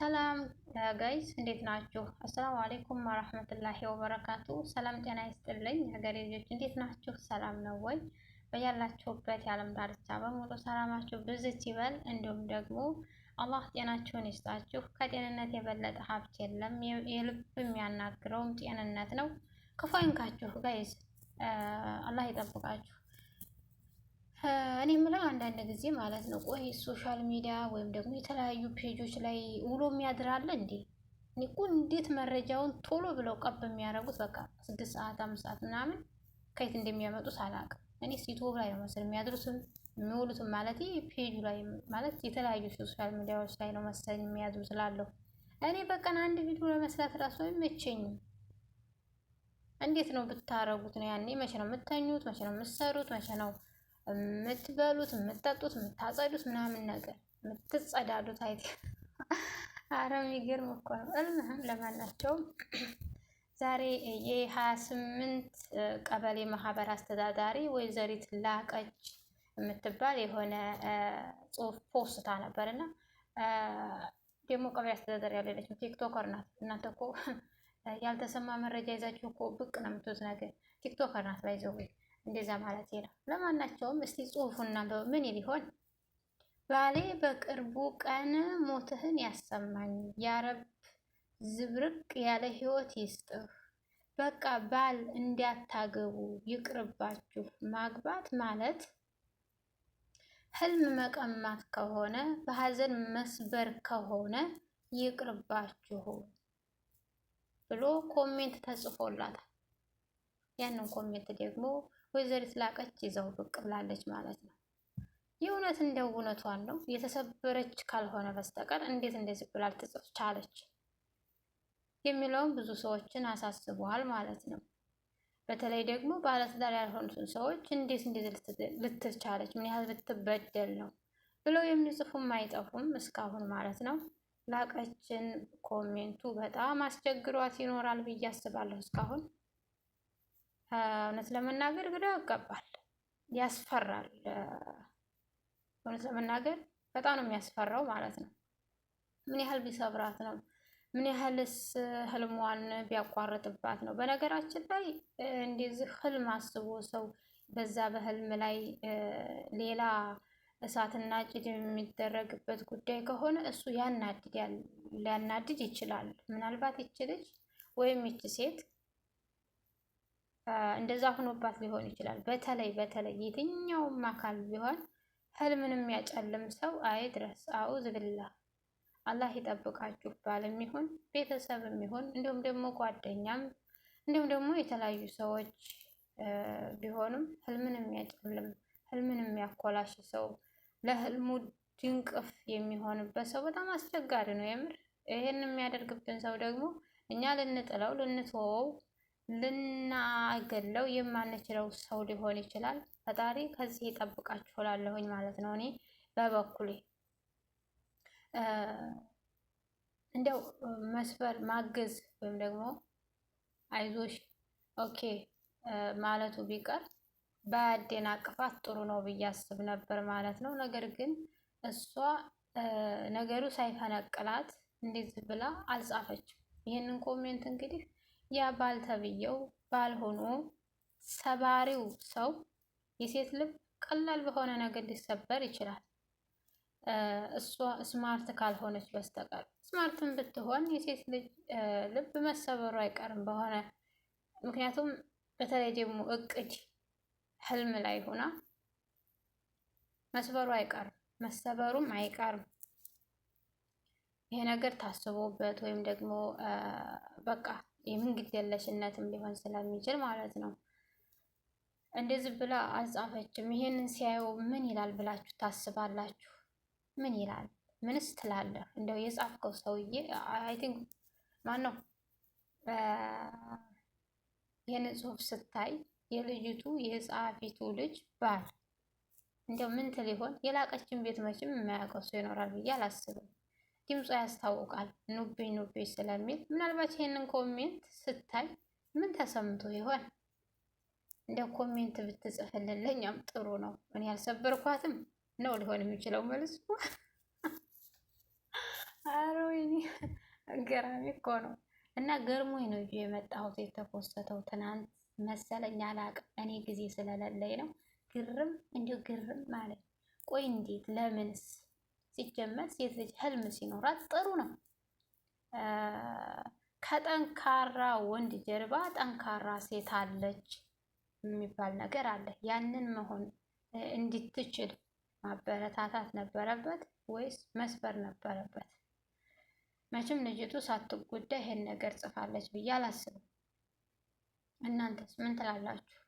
ሰላም ጋይስ እንዴት ናችሁ? አሰላሙ አሌይኩም ወረህመቱላሂ ወበረካቱ። ሰላም ጤና ይስጥልኝ ሀገሬ ልጆች እንዴት ናችሁ? ሰላም ነው ወይ? በያላችሁበት የዓለም ዳርቻ በሙሉ ሰላማችሁ ብዝት ይበል። እንዲሁም ደግሞ አላህ ጤናችሁን ይስጣችሁ። ከጤንነት የበለጠ ሀብት የለም። የልብ የሚያናግረውም ጤንነት ነው። ክፉ አይንካችሁ ጋይስ፣ አላህ ይጠብቃችሁ። እኔ የምለው አንዳንድ ጊዜ ማለት ነው። ቆይ ሶሻል ሚዲያ ወይም ደግሞ የተለያዩ ፔጆች ላይ ውሎ የሚያድራለ እንዴ? ኒቁ እንዴት መረጃውን ቶሎ ብለው ቀብ የሚያደርጉት በቃ ስድስት ሰዓት አምስት ሰዓት ምናምን ከየት እንደሚያመጡት አላውቅም። እኔ ሲቶብ ላይ ነው መሰል የሚያድሩትም የሚውሉትም ማለት ፔጁ ላይ ማለት የተለያዩ ሶሻል ሚዲያዎች ላይ ነው መሰል የሚያድሩ ስላለሁ እኔ በቀን አንድ ቪዲዮ ለመስራት ራሱ አይመቸኝም። እንዴት ነው ብታረጉት ነው? ያኔ መቼ ነው የምተኙት? መቼ ነው የምትሰሩት? መቼ ነው የምትበሉት፣ የምትጠጡት፣ የምታጸዱት ምናምን ነገር የምትጸዳዱት አይ አረ የሚገርም እኮ ነው። እልምህም ለማናቸውም ዛሬ የሀያ ስምንት ቀበሌ ማህበር አስተዳዳሪ ወይዘሪት ላቀች የምትባል የሆነ ጽሁፍ ፖስታ ነበር እና ደግሞ ቀበሌ አስተዳዳሪ ያለለች ቲክቶከር ናት። እናንተ እኮ ያልተሰማ መረጃ ይዛችሁ እኮ ብቅ ነው የምትሉት ነገር ቲክቶከር ናት ላይ እንደዛ ማለት ነው። ለማናቸውም እስቲ ጽሁፉና ምን ሊሆን ባሌ በቅርቡ ቀን ሞትህን ያሰማኝ ያረብ ዝብርቅ ያለ ህይወት ይስጥህ። በቃ ባል እንዲያታገቡ ይቅርባችሁ። ማግባት ማለት ህልም መቀማት ከሆነ በሀዘን መስበር ከሆነ ይቅርባችሁ ብሎ ኮሜንት ተጽፎላታል። ያንን ኮሜንት ደግሞ ወይዘሪት ላቀች ይዘው ብቅ ብላለች ማለት ነው። የእውነት እንደው እውነቷን ነው የተሰበረች ካልሆነ በስተቀር እንዴት እንደዚህ ብላ ልትጽፍ ቻለች የሚለውም ብዙ ሰዎችን አሳስበዋል ማለት ነው። በተለይ ደግሞ ባለትዳር ያልሆኑትን ሰዎች እንዴት እንደዚህ ልትቻለች ምን ያህል ልትበደል ነው ብለው የሚጽፉም አይጠፉም እስካሁን ማለት ነው። ላቀችን ኮሜንቱ በጣም አስቸግሯት ይኖራል ብዬ አስባለሁ እስካሁን እውነት ለመናገር ግራ ይገባል፣ ያስፈራል። እውነት ለመናገር በጣም ነው የሚያስፈራው ማለት ነው። ምን ያህል ቢሰብራት ነው? ምን ያህልስ ህልሟን ቢያቋርጥባት ነው? በነገራችን ላይ እንደዚህ ህልም አስቦ ሰው በዛ በህልም ላይ ሌላ እሳትና ጭድ የሚደረግበት ጉዳይ ከሆነ እሱ ያናድድ ሊያናድድ ይችላል። ምናልባት ይች ልጅ ወይም ይች ሴት እንደዛ ሆኖባት ሊሆን ይችላል። በተለይ በተለይ የትኛውም አካል ቢሆን ህልምን ያጨልም ሰው አይ ድረስ አውዝ ብላ አላህ ይጠብቃችሁ። ባልም ይሁን ቤተሰብም ይሁን እንዲሁም ደግሞ ጓደኛም እንዲሁም ደግሞ የተለያዩ ሰዎች ቢሆኑም ህልምን የሚያጨልም ህልምን የሚያኮላሽ ሰው ለህልሙ ድንቅፍ የሚሆንበት ሰው በጣም አስቸጋሪ ነው። የምር ይህን የሚያደርግብን ሰው ደግሞ እኛ ልንጥለው ልንትወው ልናገለው የማንችለው ሰው ሊሆን ይችላል። ፈጣሪ ከዚህ ይጠብቃችሁ እላለሁኝ ማለት ነው። እኔ በበኩሌ እንደው መስፈር ማገዝ ወይም ደግሞ አይዞሽ ኦኬ ማለቱ ቢቀር በአደናቅፋት ጥሩ ነው ብዬ አስብ ነበር ማለት ነው። ነገር ግን እሷ ነገሩ ሳይፈነቅላት እንዴት ብላ አልጻፈችም። ይህንን ኮሜንት እንግዲህ ያ ባል ተብዬው ባል ሆኖ ሰባሪው ሰው የሴት ልብ ቀላል በሆነ ነገር ሊሰበር ይችላል። እሷ ስማርት ካልሆነች በስተቀር ስማርትን ብትሆን የሴት ልጅ ልብ መሰበሩ አይቀርም በሆነ ምክንያቱም በተለይ ደግሞ እቅድ ህልም ላይ ሆና መስበሩ አይቀርም መሰበሩም አይቀርም። ይሄ ነገር ታስቦበት ወይም ደግሞ በቃ የምንግድ የለሽነትም ሊሆን ስለሚችል ማለት ነው። እንደዚህ ብላ አልጻፈችም። ይሄንን ሲያየው ምን ይላል ብላችሁ ታስባላችሁ? ምን ይላል? ምንስ ትላለህ? እንደው የጻፍከው ሰውዬ አይ ቲንክ ማን ነው? ይህንን ጽሁፍ ስታይ የልጅቱ የጸሐፊቱ ልጅ ባል እንደው ምን ትል ይሆን? የላቀችን ቤት መቼም የማያውቀው ሰው ይኖራል ብዬ አላስብም። ድምጿ ያስታውቃል ኑቤ ኑቤ ስለሚል። ምናልባት ይህንን ኮሜንት ስታይ ምን ተሰምቶ ይሆን? እንደ ኮሜንት ብትጽፍልን ለእኛም ጥሩ ነው። እኔ ያልሰበርኳትም ነው ሊሆን የሚችለው መልሱ። ኧረ ወይኔ ገራሚ እኮ ነው። እና ገርሞኝ ነው ይዤ የመጣሁት የተኮሰተው ትናንት መሰለኝ አላቅም። እኔ ጊዜ ስለሌለኝ ነው። ግርም እንዲሁ ግርም ማለት ቆይ እንዴት ለምንስ ሲጀመር ሴት ልጅ ህልም ሲኖራት ጥሩ ነው። ከጠንካራ ወንድ ጀርባ ጠንካራ ሴት አለች የሚባል ነገር አለ። ያንን መሆን እንድትችል ማበረታታት ነበረበት ወይስ መስበር ነበረበት? መቼም ልጅቱ ሳትጎዳ ይሄን ነገር ጽፋለች ብዬ አላስብም። እናንተስ ምን ትላላችሁ?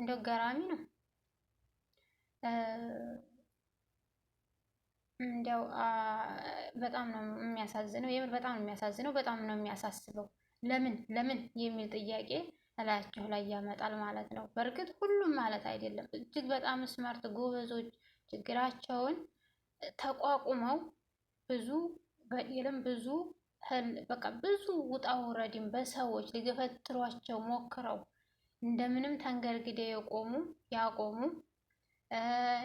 እንደው ገራሚ ነው። እንደው በጣም ነው የሚያሳዝነው። የምር በጣም ነው የሚያሳዝነው። በጣም ነው የሚያሳስበው። ለምን ለምን የሚል ጥያቄ እላያቸው ላይ ያመጣል ማለት ነው። በእርግጥ ሁሉም ማለት አይደለም። እጅግ በጣም ስማርት ጎበዞች ችግራቸውን ተቋቁመው ብዙ በደልም ብዙ በቃ ብዙ ውጣ ውረድም በሰዎች ሊገፈትሯቸው ሞክረው እንደምንም ተንገርግዴ የቆሙ ያቆሙ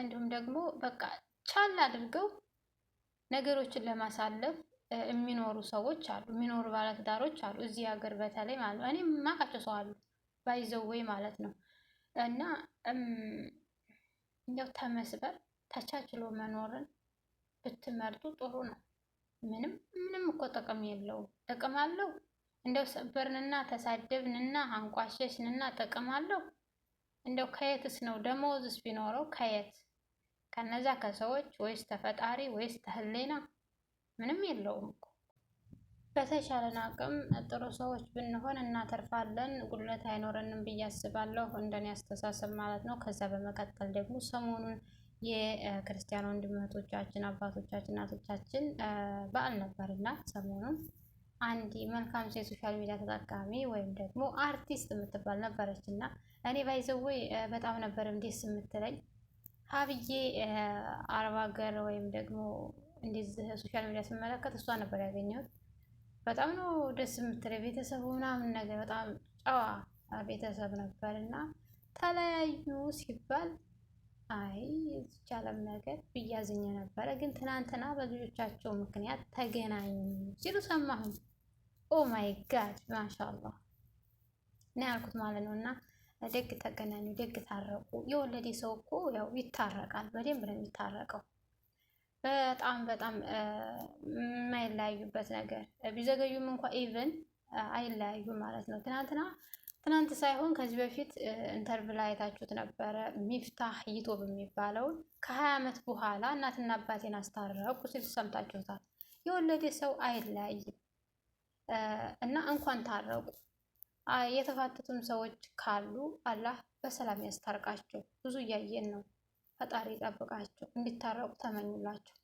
እንዲሁም ደግሞ በቃ ቻል አድርገው ነገሮችን ለማሳለፍ የሚኖሩ ሰዎች አሉ፣ የሚኖሩ ባለትዳሮች አሉ። እዚህ ሀገር በተለይ ማለት ነው። እኔ ማቃቸው ሰው አሉ ባይዘወይ ማለት ነው። እና እንደው ተመስበር ተቻችሎ መኖርን ብትመርጡ ጥሩ ነው። ምንም ምንም እኮ ጥቅም የለውም። ጥቅም አለው እንደው ሰበርንና ተሳደብንና አንቋሸሽንና ጥቅም አለው? እንደው ከየትስ ነው ደሞዝስ ቢኖረው ከየት ከነዛ ከሰዎች ወይስ ተፈጣሪ ወይስ ተህሌና ምንም የለውም እኮ። በተሻለን አቅም ጥሩ ሰዎች ብንሆን እናተርፋለን፣ ጉድለት አይኖረንም ብዬ አስባለሁ። እንደኔ አስተሳሰብ ማለት ነው። ከዛ በመቀጠል ደግሞ ሰሞኑን የክርስቲያን ወንድምህቶቻችን አባቶቻችን፣ እናቶቻችን በዓል ነበርና ሰሞኑን አንድ መልካም ሴት ሶሻል ሚዲያ ተጠቃሚ ወይም ደግሞ አርቲስት የምትባል ነበረች እና እኔ ባይዘወይ በጣም ነበር እንዴት የምትለኝ አብዬ አረብ ሀገር ወይም ደግሞ እንደዚህ ሶሻል ሚዲያ ስመለከት እሷ ነበር ያገኘሁት። በጣም ነው ደስ የምትለው ቤተሰቡ ምናምን ነገር በጣም ጨዋ ቤተሰብ ነበር እና ተለያዩ ሲባል አይ የተቻለም ነገር ብያዝኝ ነበረ፣ ግን ትናንትና በልጆቻቸው ምክንያት ተገናኙ ሲሉ ሰማሁኝ። ኦ ማይ ጋድ ማሻአላህ ነው ያልኩት ማለት ነው እና ደግ ተገናኙ፣ ደግ ታረቁ። የወለደ ሰው እኮ ያው ይታረቃል፣ በደንብ ነው የሚታረቀው። በጣም በጣም የማይለያዩበት ነገር ቢዘገዩም እንኳ ኢቨን አይላዩ ማለት ነው። ትናንትና ትናንት ሳይሆን ከዚህ በፊት ኢንተርቪው ላይ አይታችሁት ነበረ። ሚፍታህ ይቶብ የሚባለውን ከሀያ ዓመት በኋላ እናትና አባቴን አስታረቁ ሲል ሰምታችሁታል። የወለደ ሰው አይለያይም እና እንኳን ታረቁ የተፋተቱም ሰዎች ካሉ አላህ በሰላም ያስታርቃቸው። ብዙ እያየን ነው። ፈጣሪ ይጠብቃቸው። እንዲታረቁ ተመኙላቸው።